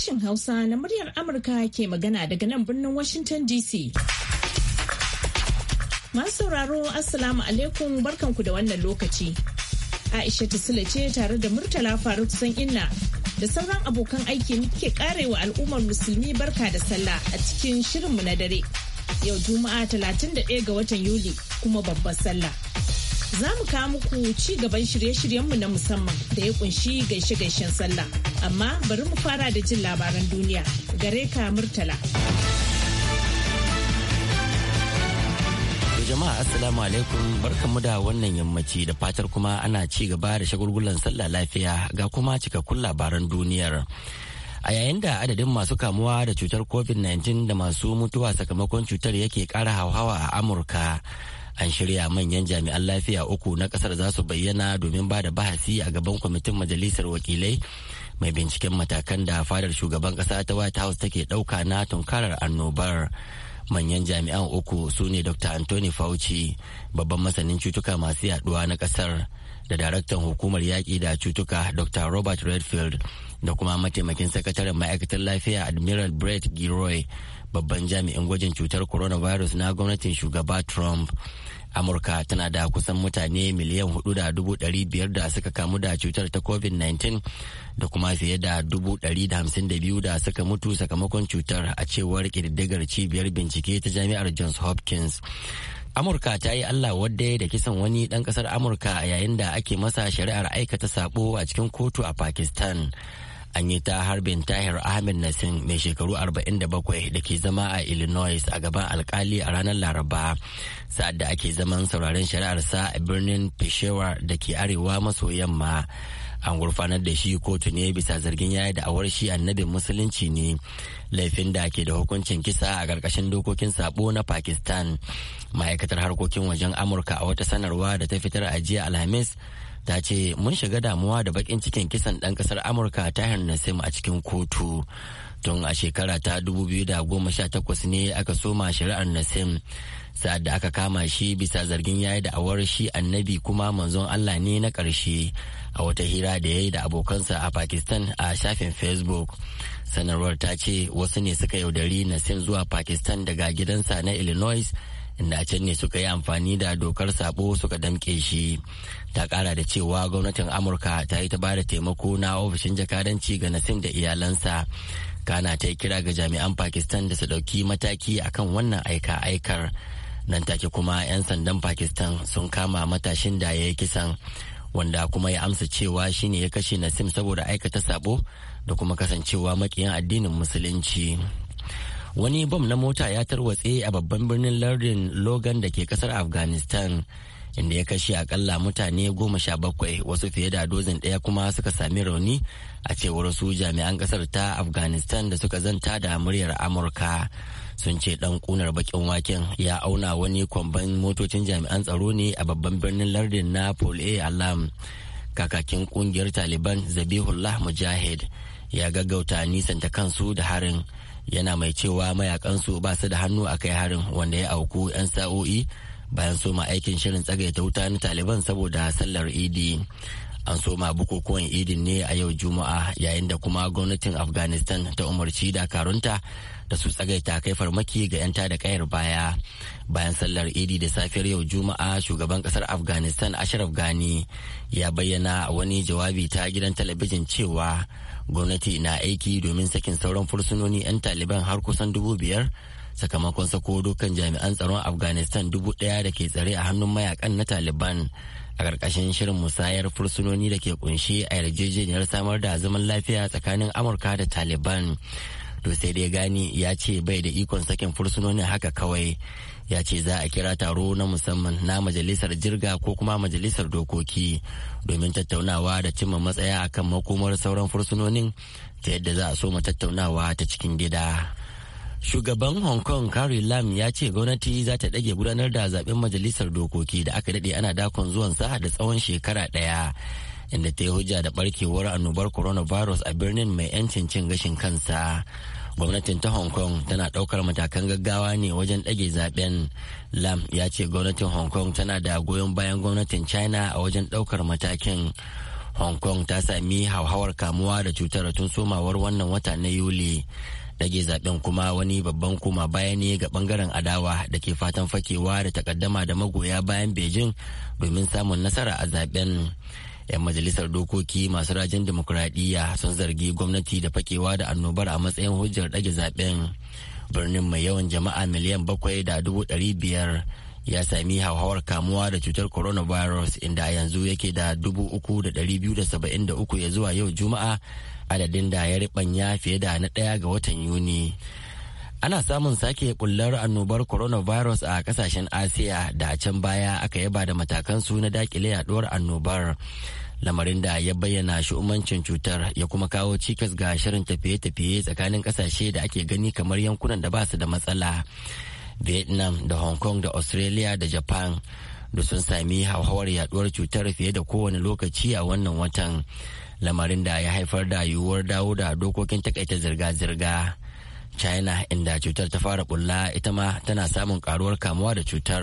sashen Hausa na muryar Amurka ke magana daga nan birnin Washington DC. Masu sauraro Assalamu alaikum barkanku da wannan lokaci. Aisha ta Sule ce tare da Murtala Faruk inna da sauran abokan aiki muke karewa al'ummar musulmi barka da sallah a cikin shirinmu na dare. Yau Juma'a 31 ga watan Yuli kuma babbar sallah. za mu kawo muku ci gaban shirye-shiryenmu na musamman da ya kunshi gaishe-gaishen sallah. Amma bari mu fara da jin labaran duniya gare ka murtala. jama'a assalamu alaikum barkanmu da wannan yammaci da fatar kuma ana ci gaba da shagulgulan sallah lafiya ga kuma cikakkun labaran duniyar. a yayin da adadin masu kamuwa da cutar covid-19 da masu mutuwa sakamakon cutar yake kara hauhawa a amurka an shirya manyan jami'an lafiya uku na kasar za su bayyana domin ba da bahasi a gaban kwamitin majalisar wakilai mai binciken matakan da fadar shugaban kasa ta white house take dauka na tunkarar annobar manyan jami'an uku su ne dr anthony fauci babban masanin cutuka masu yaduwa na kasar da daraktan hukumar yaƙi da cutuka dr robert redfield da kuma mataimakin sakataren ma'aikatar lafiya admiral brett giroy babban jami'in gwajin cutar coronavirus na gwamnatin shugaba trump amurka tana da kusan mutane miliyan hudu da dubu dari biyar da suka kamu da cutar ta covid-19 da kuma fiye da dubu dari da hamsin da biyu da suka mutu sakamakon cutar a cewar kididdigar cibiyar bincike ta jami'ar johns hopkins amurka ta yi allah wadda da kisan wani dan kasar amurka yayin da ake masa shari'ar aikata sabo a cikin kotu a pakistan an yi ta harbin tahir ahmed nasin mai shekaru 47 da ke zama a illinois a gaban alkali a ranar laraba sa'ad da ake zaman sauraren shari'arsa a birnin peshawar da ke arewa maso yamma an gurfanar da shi kotu ne bisa zargin yayi da awar shi annabin musulunci ne laifin da ke da hukuncin kisa a ƙarƙashin dokokin sabo na pakistan ma'aikatar harkokin wajen amurka a wata sanarwa da ta fitar a jiya alhamis ta ce mun shiga damuwa da bakin cikin kisan ɗan ƙasar amurka tahir nasim a cikin kotu tun a shekara ta 2018 ne aka soma shari'ar nasim sa'ad da aka kama shi bisa zargin yayi da awar shi annabi kuma manzon allah ne na ƙarshe a wata hira da ya yi da abokansa a pakistan a shafin facebook sanarwar ta ce wasu ne suka yaudari nasim zuwa pakistan daga gidansa na illinois inda a can ne suka yi amfani da dokar sabo suka damke shi ta kara da cewa gwamnatin amurka ta yi ta ba da taimako na ofishin jakadanci ga nasim da iyalansa kana ta yi kira ga jami'an pakistan da su ɗauki mataki akan wannan aika-aikar nan take kuma 'yan sandan pakistan sun kama matashin da ya yi kisan wanda kuma ya amsa cewa shine ya kashe nasim saboda aikata sabo da kuma kasancewa makiyan addinin musulunci wani bom na mota ya tarwatse a babban birnin lardin logan da ke kasar afghanistan inda ya kashe akalla mutane goma sha bakwai wasu fiye da dozin ɗaya kuma suka sami rauni a cewar su jami'an ƙasar ta afghanistan da suka zanta da muryar amurka sun ce ɗan kunar bakin waken ya auna wani kwamban motocin jami'an tsaro ne a babban birnin lardin na pole alam kakakin ƙungiyar taliban zabihullah mujahid ya gaggauta nisanta kansu da harin yana mai cewa mayakansu ba su da hannu a kai harin wanda ya auku 'yan sa'o'i bayan soma aikin shirin tsagaita wuta na taliban saboda sallar idi an soma bukukuwan idin ne a yau juma'a yayin da kuma gwamnatin afghanistan ta umarci dakarunta da su tsagaita kai farmaki ga 'yan da kayar baya bayan sallar idi da safiyar yau juma'a shugaban kasar afghanistan ashraf ghani ya bayyana wani jawabi ta gidan talabijin cewa gwamnati na aiki domin sakin sauran fursunoni 'yan taliban har kusan dubu biyar sakamakon sako dukkan jami'an tsaron afghanistan dubu daya da ke tsare a hannun mayakan na taliban a ƙarƙashin shirin musayar fursunoni da ke kunshe a yarjejeniyar samar da zaman lafiya tsakanin amurka da taliban to sai dai gani ya ce bai da ikon sakin fursunoni haka kawai ya ce za a kira taro na musamman na majalisar jirga ko kuma majalisar dokoki domin tattaunawa da cimma matsaya a kan makomar sauran fursunonin ta yadda za a soma tattaunawa ta cikin gida. Shugaban Hong Kong Carrie Lam ya ce gwamnati za ta ɗage gudanar da zaben majalisar dokoki da aka daɗe ana dakon zuwan saha da tsawon shekara ɗaya. Inda ta yi hujja da barkewar annobar coronavirus a birnin mai 'yancin cin gashin kansa. gwamnatin ta hong kong tana daukar matakan gaggawa ne wajen ɗage zaben lam ya ce gwamnatin hong kong tana da goyon bayan gwamnatin china a wajen daukar matakin hong kong ta sami hauhawar kamuwa da cutar tun somawar wannan wata na yuli dage zaben kuma wani babban kuma baya ne ga bangaren adawa da ke fatan fakewa da takaddama da magoya bayan beijing domin samun nasara a zaben 'yan majalisar dokoki masu rajin demokuraɗiyya sun zargi gwamnati da fakewa da annobar a matsayin hujjar ɗage zaben birnin mai yawan jama'a miliyan bakwai da dubu ɗari biyar ya sami hauhawar kamuwa da cutar coronavirus inda yanzu yake da dubu uku da ɗari biyu da saba'in da uku ya zuwa yau juma'a adadin da ya riɓanya fiye da na ɗaya ga watan yuni ana samun sake kullar annobar coronavirus a kasashen asiya da a can baya aka yaba da matakansu na dakile yaduwar annobar lamarin da ya bayyana shu'umancin cutar ya kuma kawo cikas ga shirin tafiye-tafiye tsakanin kasashe da ake gani kamar yankunan da ba su da matsala vietnam da hong kong da australia da japan da sun sami hauhawar yaduwar cutar fiye da kowane lokaci a wannan watan lamarin da ya haifar da yiwuwar dawo da dokokin takaita zirga-zirga china inda cutar ta fara bulla ita ma tana samun karuwar kamuwa da cutar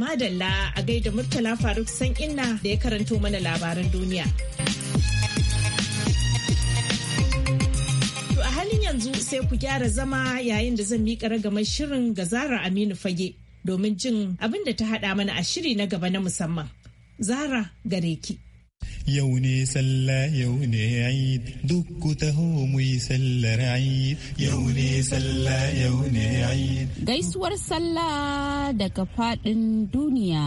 madalla a gaida murtala faruk san inna da ya karanto mana labaran duniya to a halin yanzu sai ku gyara zama yayin da zan miƙa ragamar shirin ga zara aminu fage domin jin abin da ta haɗa mana a shiri na gaba na musamman zara gare ki yau ne sallah yau ne eid duk taho mu sallar eid yau ne sallah yau ne eid gaisuwar sallah daga fadin duniya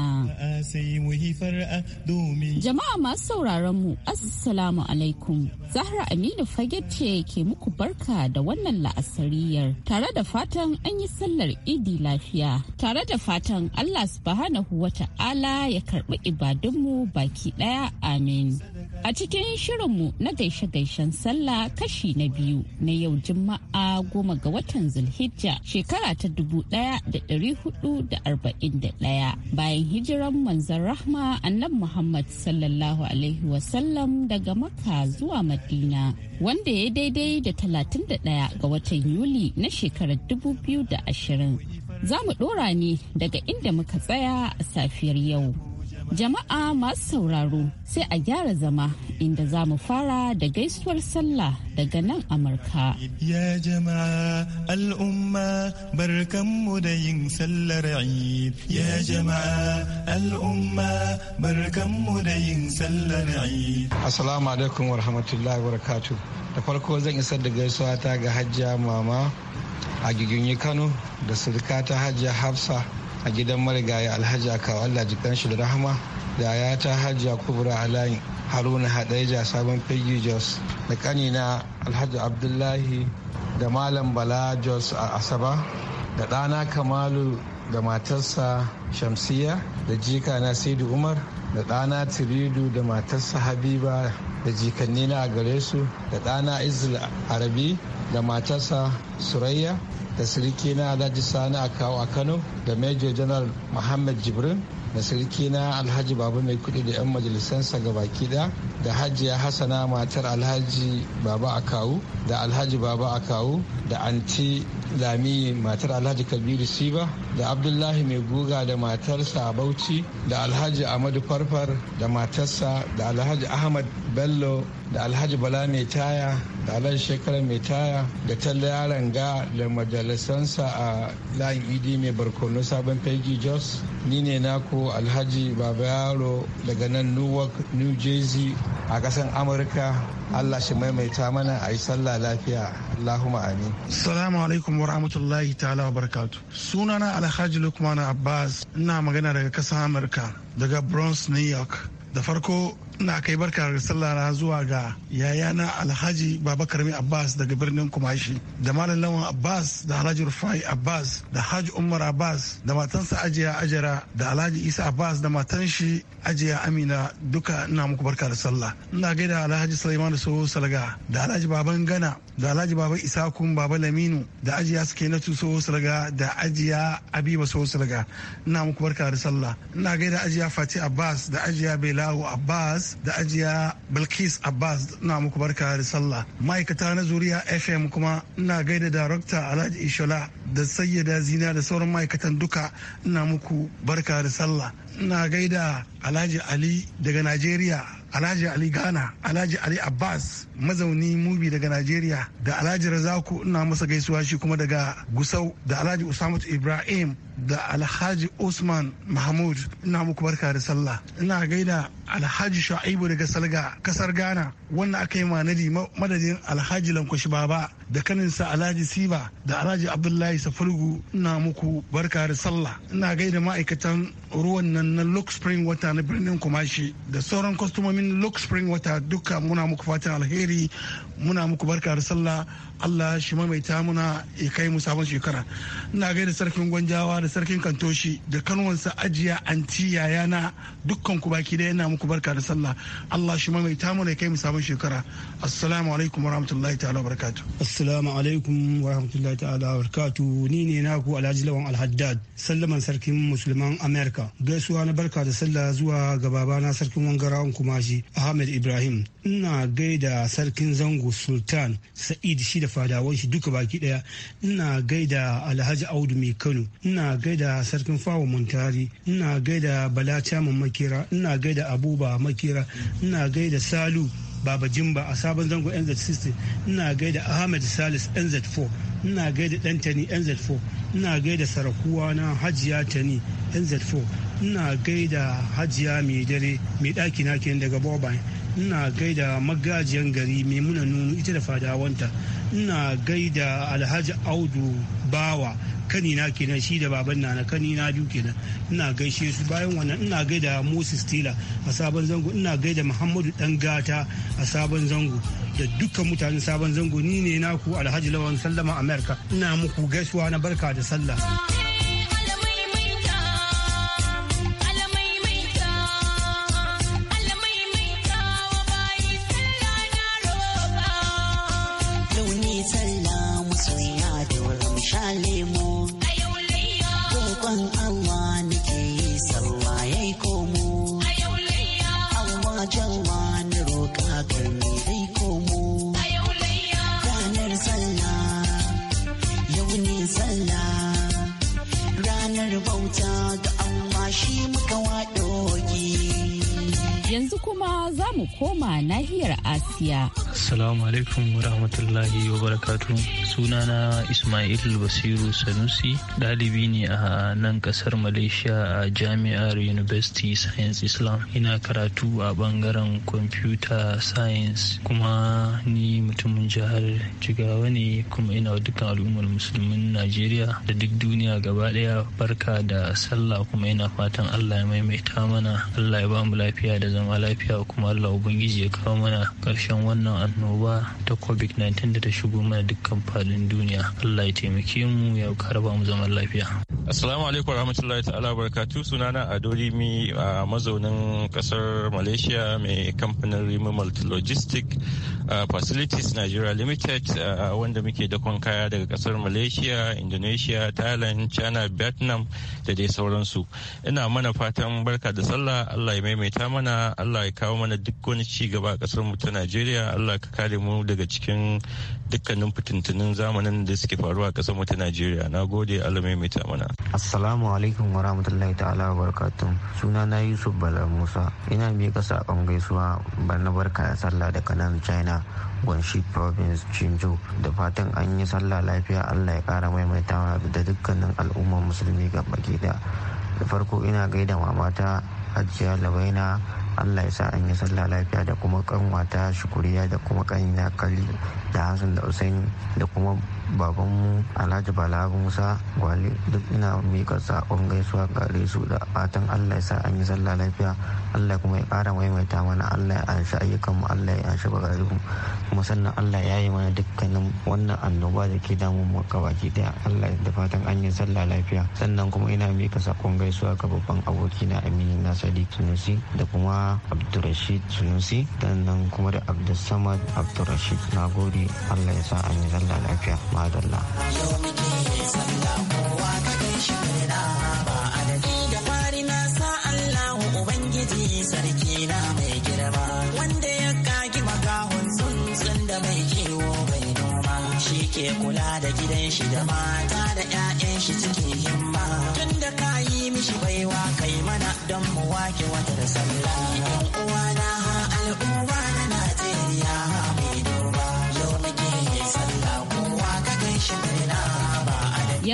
sai mu far'a domin jama'a masu sauraron mu assalamu alaikum zahra aminu fage ce ke muku barka da wannan la'asariyar tare da fatan an yi sallar idi lafiya tare da fatan allah subhanahu wata'ala ya karbi ibadunmu baki daya amin A cikin shirinmu na gaishe-gaishen sallah kashi na biyu na yau Juma'a goma ga watan Zulhijja shekara ta dubu ɗaya da ɗari hudu da arba'in da ɗaya bayan hijiran manzan rahma annab Muhammad sallallahu alaihi wasallam daga maka zuwa Madina wanda ya daidai da talatin da ɗaya ga watan Yuli na shekarar dubu biyu da ashirin. Za mu ɗora ne daga inda muka tsaya a safiyar yau. Jama'a masu sauraro sai a gyara zama inda za mu fara da gaisuwar sallah daga nan Amurka. Ya jama'a al'umma barkanmu da yin sallar Eid. Ya jama'a al'umma barkanmu da yin sallar Eid. alaikum wa rahmatullahi wa Da farko zan isar da gaisuwa ta ga hajjiya mama a gigin Kano da surika ta hajjiya Hafsa a gidan marigayi alhaji akawa allah jikan shi da rahama da ya ta hajiya kubra layin haruna hadaija sabon fage jos da kanina alhaji abdullahi da malam bala jos a asaba da ɗana kamalu da matarsa shamsiya da jika na saidu umar da ɗana tiridu da matarsa habiba da jikanni na a gare su da ɗana izil arabi da matarsa surayya da sirikina na alhaji sani a a kano da major general muhammad jibrin da sirikina na alhaji baba mai kudi da 'yan majalisansa baki da da hajiya hasana matar alhaji baba akawu da alhaji baba akawu da anti lami matar alhaji kabiru siba da abdullahi mai guga da matarsa a bauchi da alhaji amadu farfar da matarsa da alhaji ahmad bello da alhaji bala mai taya da alhaji shekara mai taya da talla yaran ga da majalisansa a layin idi mai barkono sabon Peggy jos ni ne naku alhaji baba yaro daga nan newark new jersey a kasan amurka allah shi maimaita mana a yi sallah lafiya allahumma amin salamu alaikum wa rahmatullahi ta'ala wa barakatu sunana alhaji lukman abbas ina magana daga kasan amurka daga bronx new york da farko na kai barka da sallah na zuwa ga yayana alhaji baba karmi abbas daga birnin kumashi da malam lawan abbas da alhaji rufai abbas da haji umar abbas da matansa ajiya ajara da alhaji isa abbas da matan shi ajiya amina duka ina muku barka da sallah ina gaida alhaji sulaiman so Salga da alhaji baban gana da alhaji baba isakun baba laminu da ajiya suke na tuso sirga da ajiya abiba so ina muku barka da sallah ina gaida ajiya fati abbas da ajiya belawo abbas da ajiya bilkis abbas ina muku barka da sallah ma'aikata na zuriya fm kuma ina gaida darakta alhaji ishola da sayyada zina da sauran ma'aikatan duka ina muku barka da sallah ina gaida alhaji ali daga nigeria alhaji ali ghana alhaji ali abbas mazauni mubi daga nigeria da alhaji razaku ina masa gaisuwa shi kuma daga gusau da alhaji usamatu ibrahim da alhaji usman mahmud ina muku barka da sallah ina gaida alhaji sha'ibu daga salga kasar ghana wannan aka yi manadi madadin alhaji lankwashi baba da kaninsa alhaji siba da alhaji abdullahi safurgu na muku barka da sallah ina gaida ma'aikatan ruwan nan na lok spring wata na birnin kumashi da sauran kwastomomin lok spring wata duka muna muku fatan alheri muna muku barka da sallah allah shi mamaita muna ya kai mu sabon shekara ina gaida sarkin gwanjawa da sarkin kantoshi da kanwansa ajiya anti na dukkan ku baki da yana muku barka da sallah allah shi mamaita muna ya kai mu sabon shekara assalamu alaikum warahmatullahi ta'ala barakatuh Assalamu alaikum wa rahmatullahi ta'ala wa ni ne naku Alhaji Lawan Alhaddad sallaman sarkin musulman Amerika gaisuwa na barka da sallah zuwa ga babana sarkin wangarawan kumashi Ahmed Ibrahim ina gaida sarkin zango Sultan Sa'id shi da fadawan shi duka baki daya ina gaida Alhaji Audu mai Kano ina gaida sarkin Fawo Montari ina gaida Bala Chaman Makera ina gaida Abuba Makera ina gaida Salu baba jimba a sabon zango nz60 ina gaida ahmed salis nz4 ina gaida dantani nz4 ina gaida sarakuwa na hajiya tani nz4 ina gaida hajiya mai dare mai ɗaki na kenan daga bobain ina gaida magajiyan gari mai muna nunu ita da fadawanta ina gaida alhaji audu bawa kanina kenan shi da baban na kanina biyu kenan ina gaishe su bayan wannan ina gaida Moses Tela a sabon zango ina gaida Muhammadu gata a sabon zango da dukkan mutanen sabon zango ni ne naku Alhaji Lawan Sallama America ina muku gaisuwa na barka da sallah koma nahiyar Asiya. Assalamu alaikum wa rahmatullahi wa barakatu. sunana ismail basiru sanusi ɗalibi ne a nan ƙasar malaysia a jami'ar university science islam ina karatu a ɓangaren computer science kuma ni mutumin jihar jigawa ne kuma ina dukkan al'ummar musulmin najeriya da duk duniya gaba ɗaya barka da sallah kuma ina fatan allah ya maimaita mana allah ya ba mu lafiya da zama lafiya kuma allah ubangiji ya kawo mana ƙarshen wannan annoba ta covid-19 da ta shigo mana dukkan faɗin duniya allah ya taimake mu ya karba mu zaman lafiya Assalamu alaikum warahmatullahi ta'ala barakatu sunana Adori mi a mazaunin kasar Malaysia mai kamfanin multi Multilogistic Facilities Nigeria Limited wanda muke dakon kaya daga kasar Malaysia, Indonesia, Thailand, China, Vietnam da dai sauransu. Ina mana fatan barka da sallah Allah ya maimaita mana Allah ya kawo mana duk wani ci gaba a kasar mu ta Najeriya Allah ka kare mu daga cikin dukkanin fitintunin zamanin da suke faruwa a kasar mu ta Najeriya. Na gode Allah maimaita mana. Assalamu alaikum wa rahmatullahi ta'ala wa barakatun. Suna na Yusuf Bala Musa. Ina miƙa saƙon gaisuwa bana barka da sallah da kanan China Gwanshi Province Chinjo. Da fatan an yi sallah lafiya Allah ya kara maimaitawa da dukkanin al'ummar musulmi ga baki da. Da farko ina gaida mamata Hajiya Labaina Allah ya sa an yi sallah lafiya da kuma kanwata shukuriya da kuma kanina kali da Hassan da Usaini da kuma babanmu alhaji bala musa gwale duk ina miƙa saƙon gaisuwa gare su da fatan allah ya sa an yi sallah lafiya allah kuma ya ƙara maimaita mana allah ya anshi ayyukanmu allah ya anshi bagarinmu kuma sannan allah ya yi mana dukkanin wannan annoba da ke damun mu baki daya allah da fatan an yi sallah lafiya sannan kuma ina miƙa saƙon gaisuwa ga babban abokina aminu na sadi tunusi da kuma abdulrashid tunusi sannan kuma da abdulsamad abdulrashid na gode allah ya sa an yi sallah lafiya yau sallah kowa shi na. Ba a da fari sa Allahu Ubangiji Sarki na mai girma wanda ya kagi magahun tsuntsun da mai kiwo bai noma shi ke kula da gidan shi da mata da 'ya'yan shi cikin himma Tunda da ka yi mishi baiwa kai mana don mu wake watar sallah uwana ha al'umma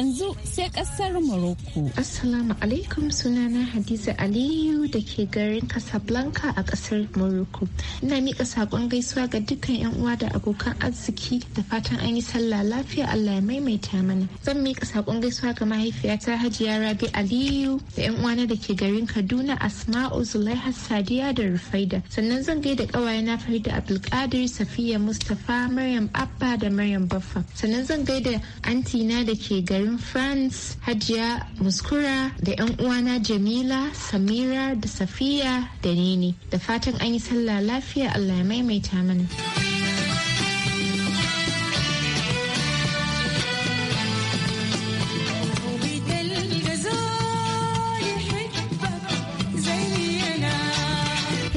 yanzu sai kasar Morocco. Assalamu alaikum sunana Hadiza Aliyu da ke garin Casablanca a kasar Morocco. Ina miƙa saƙon gaisuwa ga dukkan 'yan uwa da abokan arziki da fatan an yi sallah lafiya Allah ya maimaita mana. Zan miƙa saƙon gaisuwa ga mahaifiyata Hajiya Rabi Aliyu da 'yan uwana da ke garin Kaduna Asma'u Zulaiha Sadiya da Rufaida. Sannan zan gaida ƙawayena Farida Abdulkadir Safiya Mustapha Maryam Abba da Maryam Baffa. Sannan zan gaida antina da ke garin garin france hajiya muskura da 'yan uwana jamila samira da safiya da nini da fatan an yi sallah lafiya allah ya maimaita mana.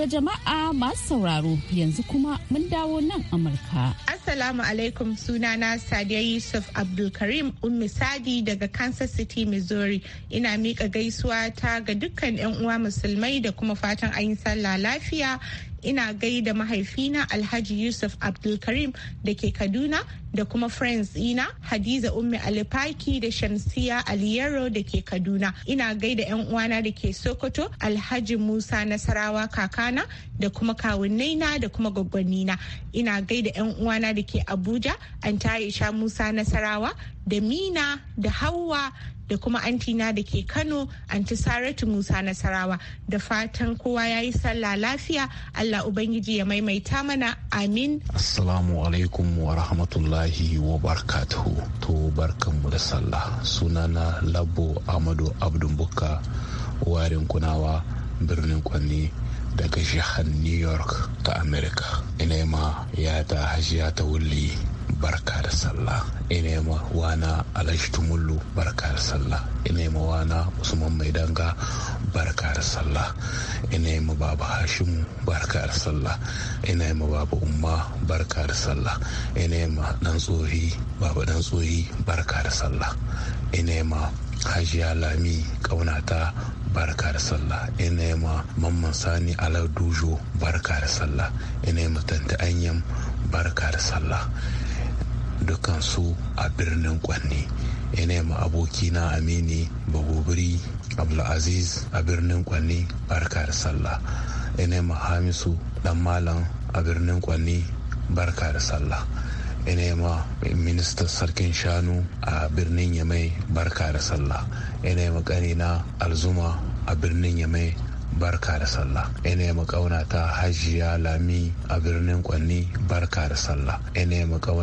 To jama'a masu sauraro yanzu kuma mun dawo nan Amurka. Assalamu alaikum sunana Sadiya Yusuf Abdulkarim Ummi Sadi daga Kansas City, Missouri. Ina mika gaisuwa ta ga dukkan 'yan uwa musulmai da kuma fatan an yi sallah lafiya ina gaida mahaifina alhaji yusuf abdulkarim da ke kaduna da kuma friends ina hadiza ummi alifaki da shamsiya aliyero da ke kaduna ina gaida yan uwana da ke sokoto alhaji musa nasarawa kakana da kuma kawunnaina da kuma gwaggwanina ina gaida yan uwana da ke abuja an musa nasarawa da mina da hawa da kuma antina da ke kano anti saratu musa nasarawa da fatan kowa ya yi sallah lafiya allah ubangiji ya maimaita mana amin assalamu alaikum wa rahmatullahi wa barakatuhu to barkanmu da sallah sunana labo amadu abdumbuka warin kunawa birnin kwanni daga jihar new york ta america ina ma ya ta hajiya ta wuli. barka da sallah ina ma wana alhaji tumullu barka da sallah ina ma wana usman mai danga barka da sallah ina ma baba hashimu barka da sallah ina ma baba umma barka da sallah ina ma dan tsohi baba dan tsohi barka da sallah ina ma hajiya lami kaunata barka da sallah ina ma mamman sani alar dujo barka da sallah ina ma tanta anyam barka da sallah dukansu a birnin kwanne. ina ma abokina amini babobiri abdulaziz a birnin kwanne, barka da sallah ina ma hamisu dan malam a birnin kwanne, barka da sallah ina ma Minista sarkin shanu a birnin yamai barka da sallah ina ma kanina alzuma a birnin yamai barka da sallah ina mu ta hajiya lami a birnin kwanni barka da sallah ina mu ta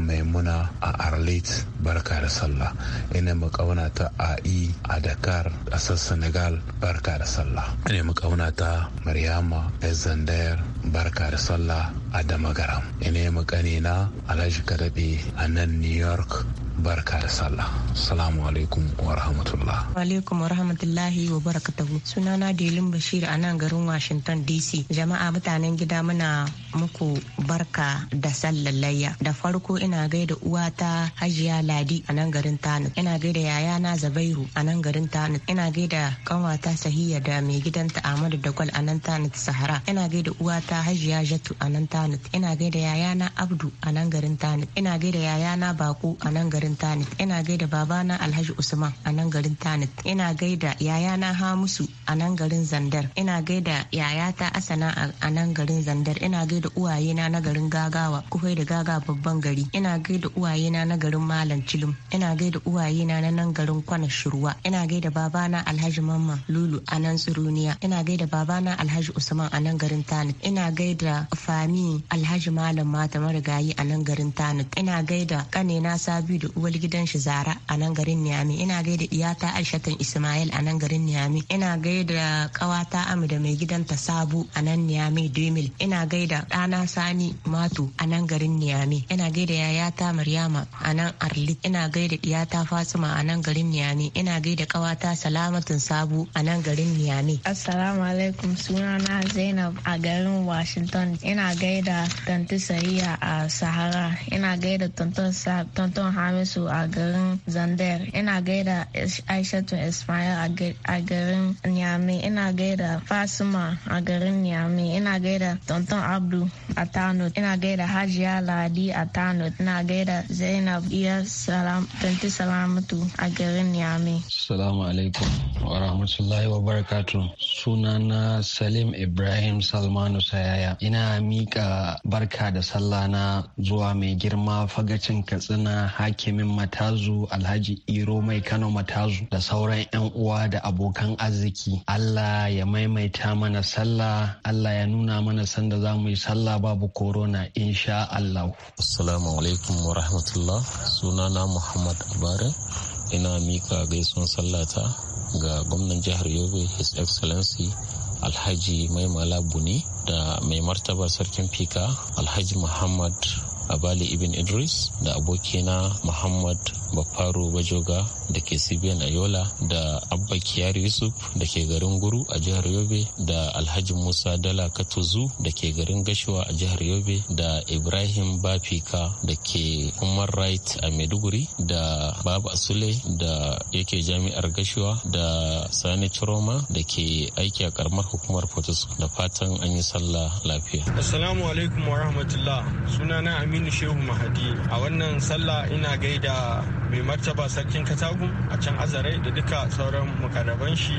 maimuna a arlit barka da sallah ina mu ta ai a dakar ƙasar senegal barka da sallah ina mu kaunata maryama ezandayar barka da sallah a damagaram ina mu kanina alhaji kadabe a nan new york barka da sallah salamu alaikum wa rahmatullah alaikum wa rahmatullahi wa barakatuhu sunana delin bashir a nan garin washington dc jama'a mutanen gida muna muku barka da sallar layya. Da farko ina gaida uwata Hajiya Ladi a nan garin Tanu. Ina gaida yayana Zabairu a nan garin Tanu. Ina gaida kanwata Sahiya da mai gidanta da Dagwal a nan Tanu Sahara. Ina gaida uwata Hajiya Jatu a nan Tanu. Ina gaida yayana Abdu a nan garin Tanu. Ina gaida yayana Bako a nan garin Tanu. Ina gaida babana Alhaji Usman a nan garin Tanu. Ina gaida yayana Hamusu a nan garin Zandar. Ina gaida yayata Asana a nan garin Zandar. Ina gaida gaida uwayena na garin gagawa kufai da gaga babban gari ina gaida uwayena na garin malam cilim ina gaida uwayena na nan garin kwana shirwa ina gaida babana alhaji mamman lulu a nan tsiruniya ina gaida babana alhaji usman a nan garin tanit ina gai da fami alhaji malam mata marigayi a nan garin tanit ina gaida kanena sabiu da uwar gidan shi zara a nan garin niyami ina gaida iyata aishatan ismail a nan garin niyami ina gaida kawata amu da mai gidanta sabu a nan niyami dumil ina gaida ɗana Sani matu a nan garin Niyame. Ina gaida yayata Maryama a nan arli Ina gaida ɗiyata Fatima a nan garin Niyame. Ina gaida ƙawata Salamatin Sabu a nan garin Niyame. Assalamu alaikum sunana Zainab a garin Washington. Ina gaida Tanti Sariya a Sahara. Ina gaida Tonton Hamisu a garin Zander. Ina gaida Aishatu Ismail a garin Niyame. Ina gaida Fasima a garin Niyame. Ina gaida Tonton Abdu A ina gaida Hajiya Ladi atanu ina gaida Zainab Iya Salam Tanti Salamatu a garin Niamey. Salamu alaikum wa rahmatullahi wa barakatu. Sunana Salim Ibrahim Salmanu Sayaya. Ina mika barka da sallah na zuwa mai girma fagacin Katsina hakimin Matazu Alhaji Iro Mai Kano Matazu da sauran 'yan uwa da abokan arziki. Allah ya maimaita mana sallah, Allah ya nuna mana sanda za mu yi sallah babu corona insha Allah. Assalamu alaikum wa rahmatullah sunana Muhammad Abare ina mika gaisuwan sallata ga gwamnan jihar Yobe His Excellency Alhaji Maimala Buni da mai martaba sarkin fika Alhaji Muhammad Abali Ibn Idris da abokina Muhammad bafaro bajoga da ke sibiyan ayola da abba kiyar yusuf da ke garin guru a jihar yobe da alhaji musa dala katuzu da ke garin gashuwa a jihar yobe da ibrahim bafika da ke human right a maiduguri da baba asule da yake jami'ar gashuwa da sani ciroma da ke aiki a karamar hukumar Potos da fatan an yi sallah lafiya assalamu alaikum wa rahmatullah sunana aminu shehu mahadi a wannan sallah ina gaida mai martaba sarkin katagun a can azare da duka sauran mukarraban shi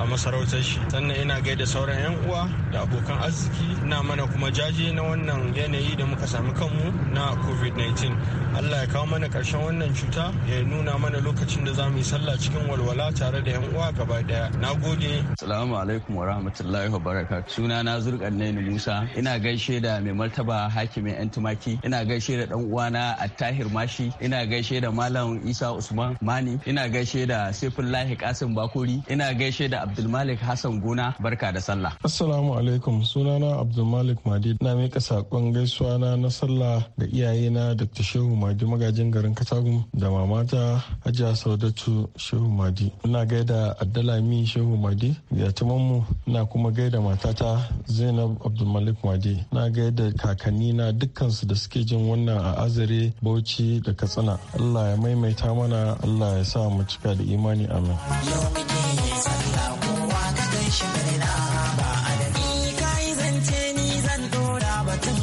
a masarautar shi sannan ina gaida sauran yan uwa da abokan arziki na mana kuma jaje na wannan yanayi da muka sami kanmu na covid-19 allah ya kawo mana karshen wannan cuta ya nuna mana lokacin da za mu yi sallah cikin walwala tare da yan uwa gaba daya na gode salamu alaikum wa rahmatullahi wa barakatuh suna na zurkan musa ina gaishe da mai martaba hakimin yan tumaki ina gaishe da dan uwana tahir mashi ina gaishe da malam Lawan Isa Usman Mani ina gaishe da sefullahi Kasim Bakuri ina gaishe da Abdulmalik Hassan Gona barka da sallah. Assalamu alaikum sunana Abdulmalik Madi na mika sakon gaisuwa na na sallah da iyayena Dr. Shehu Madi magajin garin Katagum da mamata Hajiya Saudatu Shehu Madi. Ina gaida Addalami Shehu Madi mu ina kuma gaida matata Zainab Abdulmalik Madi. Na gaida kakanni na dukkansu da suke jin wannan a Azare Bauchi da Katsina. Allah ya mai maimaita mana allah ya sa mu cika da imani amin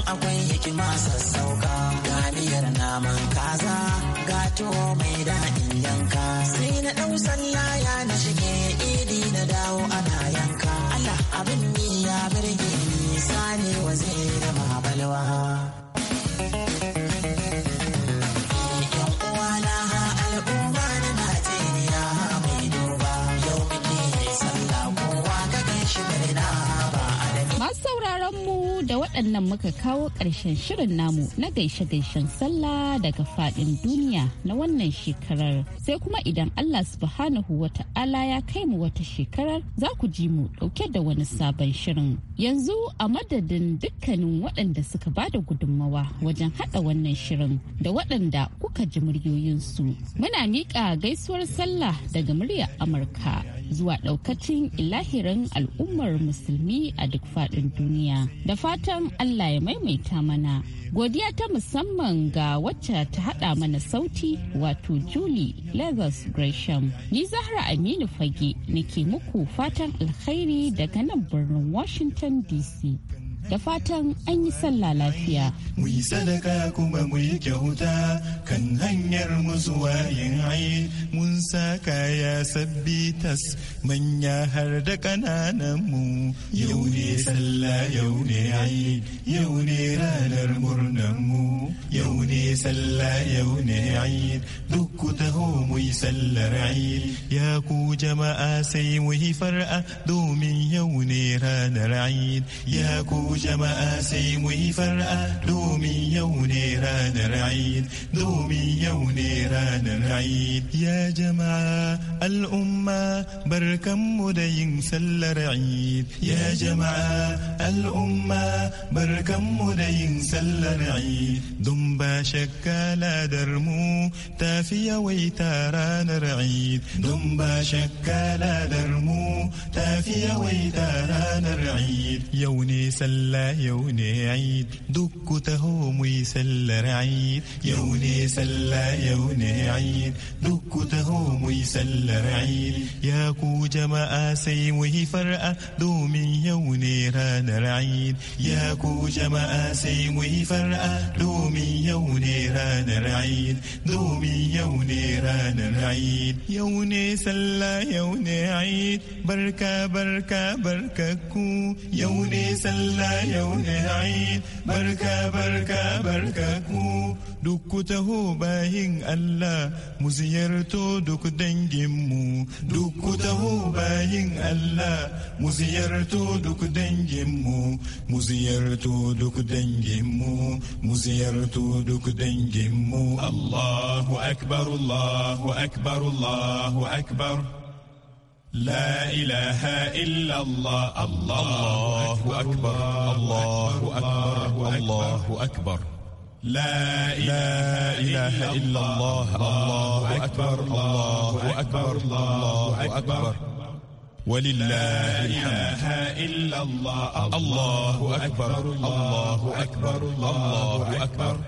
akwai hikima sassauka kaza gato mai daɗin yanka sai na ɗau sallah waɗannan muka kawo ƙarshen shirin namu na gaishe-gaishen sallah daga faɗin duniya na wannan shekarar. Sai kuma idan Allah subhanahu wa ta'ala ya kai mu wata shekarar za ku ji mu ɗauke da wani sabon shirin. Yanzu a madadin dukkanin waɗanda suka ba da gudunmawa wajen haɗa wannan shirin da waɗanda kuka ji muryoyinsu. Muna miƙa gaisuwar sallah daga muryar Amurka zuwa ɗaukacin ilahirin al'ummar musulmi a duk faɗin duniya. Da fatan fatan Allah ya maimaita mana. Godiya ta musamman ga wacce ta haɗa mana sauti wato Julie Lagos Gresham. Ni Zahra Aminu Fage nake muku fatan alkhairi daga nan birnin Washington DC. Da fatan an yi sallah lafiya. Mu yi sadaka kuma mu yi kyauta kan hanyar mu zuwa yin mun sa kaya sabbi tas manya har da ƙananan mu yau ne sallah yau ne ayi yau ne ranar murnan mu yau ne sallah yau ne ayi duk ku taho mu yi sallar ayi ya ku jama'a sai mu yi far'a domin yau ne ranar ayi ya ku jama'a sai mu yi far'a domin yau ne ranar ayi domin yau ne ranar ayi. ya jama'a al'umma bar كم مدين سل رعيد يا جماعة الأمة بر كم مدين سل رعيد دم باشك لا درمو تافيا ويتاران رعيد دم باشك لا درمو تافيا ويتاران رعيد يوني سلا يوني عيد دك تهوم يسل رعيد يوني سلا يوني عيد دك تهوم يسل رعيد يا كو ku jama'a sai muhi far'a domin yau ne ranar ayin ya ku jama'a sai muhi far'a domin yau ne ranar ayin domin yau ne ranar ayin yau ne sallah yau ne ayin barka barka barka ku yau ne sallah yau ne ayin barka barka barka ku dukutaho bayin Allah mu ziyarto duk danginmu dukutaho bayin Allah mu ziyarto duk danginmu mu ziyarto duk danginmu mu ziyarto duk danginmu Allahu akbar Allahu akbar Allahu akbar لا إله إلا الله الله أكبر الله أكبر الله أكبر, الله أكبر, الله أكبر لا إله, إله إلا الله الله أكبر الله أكبر الله أكبر ولله الحمد إلا الله الله أكبر الله أكبر الله أكبر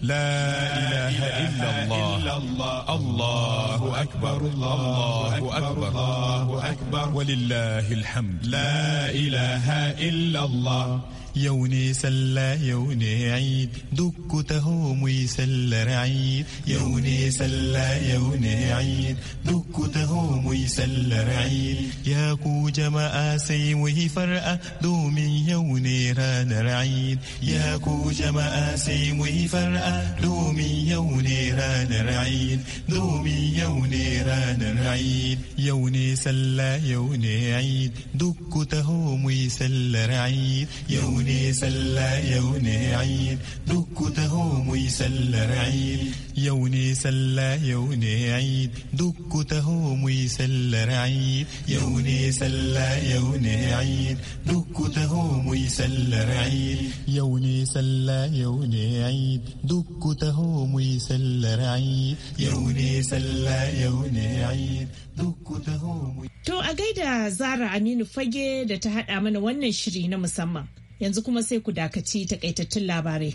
لا إله إلا الله الله أكبر الله أكبر الله أكبر ولله الحمد لا إله إلا الله يوني سلا يوني عيد دك تهو مي رعيد يوني سلا يوني عيد دك تهو مي رعيد يا كو جما سي مي فرأ دومي يوني ران رعيد يا كو جما سي مي فرأ دومي يوني ران رعيد دومي يوني ران رعيد يوني سلا يوني عيد دك تهو مي سلا رعيد يوني ne sallah yau ne ayin duk ku taho mu yi sallar ayin yau ne sallah yau ne ayin duk ku taho mu yi sallar ayin yau ne sallah yau ne ayin duk ku taho mu yi sallar ayin yau ne sallah yau ne ayin duk ku taho mu yi sallar ayin yau ne sallah yau ne ayin To a gaida Zara Aminu Fage da ta haɗa mana wannan shiri na musamman. yanzu kuma sai ku dakaci takaitattun labarai.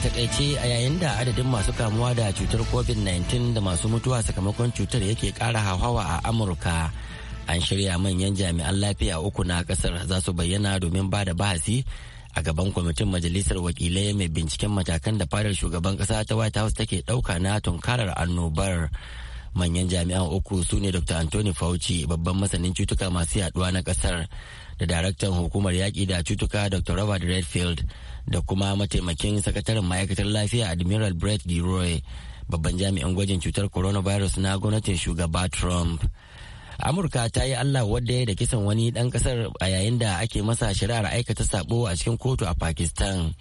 takaice a yayin da adadin masu kamuwa da cutar covid-19 da masu mutuwa sakamakon cutar yake kara hauhawa a amurka an shirya manyan jami'an lafiya uku na kasar za su bayyana domin ba da bahasi a gaban kwamitin majalisar wakilai mai binciken matakan da fadar shugaban kasa ta white house take dauka na tunkarar annobar. manyan jami'an uku su ne dr anthony fauci babban masanin cutuka masu yaduwa na kasar da daraktan hukumar yaƙi da cutuka dr robert redfield da kuma mataimakin sakataren ma'aikatar lafiya admiral brett roy babban jami'in gwajin cutar coronavirus na gwamnatin shugaba trump amurka ta yi allah wadda ya da kisan wani dan kasar a yayin da ake masa shari'ar aikata sabo a cikin kotu a pakistan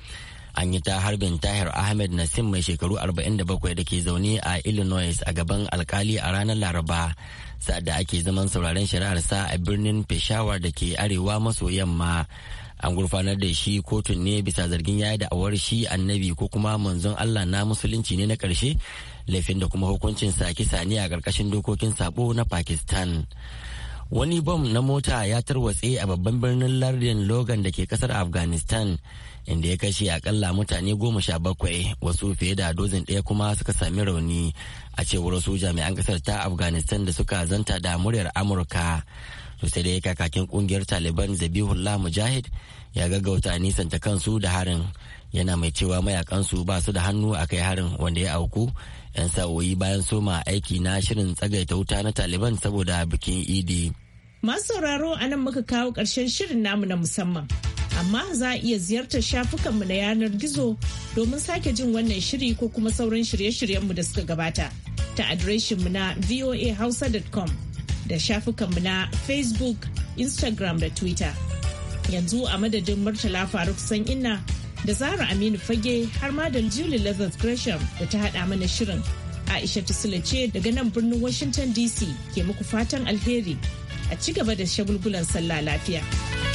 an yi ta harbin tahir ahmed nasim mai shekaru 47 da ke zaune a illinois a gaban alkali a ranar laraba sa'adda ake zaman sauraren shari'arsa a birnin peshawar da ke arewa maso yamma an gurfanar da shi kotun ne bisa zargin yayi da awar shi annabi ko kuma manzon allah na musulunci ne na karshe laifin da kuma hukuncin sa kisa ne a karkashin dokokin sabo na pakistan wani bom na mota ya tarwatse a babban birnin lardin logan da ke kasar afghanistan inda ya kashe akalla mutane goma sha bakwai wasu fiye da dozin ɗaya kuma suka sami rauni a cewar wasu jami'an ƙasar ta afghanistan da suka zanta da muryar amurka to sai dai kakakin ƙungiyar taliban zabihullah mujahid ya gaggauta nisanta kansu da harin yana mai cewa mayakansu ba su da hannu a kai harin wanda ya auku 'yan sa'o'i bayan soma aiki na shirin tsagaita wuta na taliban saboda bikin idi masu sauraro a nan muka kawo ƙarshen shirin namu na musamman amma za a iya ziyartar shafukanmu na yanar gizo domin sake jin wannan shiri ko kuma sauran shirye-shiryenmu da suka gabata ta adireshinmu na voahausa.com da shafukanmu na facebook instagram da twitter yanzu a madadin murtala faruk san inna da zara aminu fage har ma da julie lazarus gresham da ta hada mana shirin aisha tusula ce daga nan birnin washington dc ke muku fatan alheri a ci gaba da shagulgulan sallah lafiya.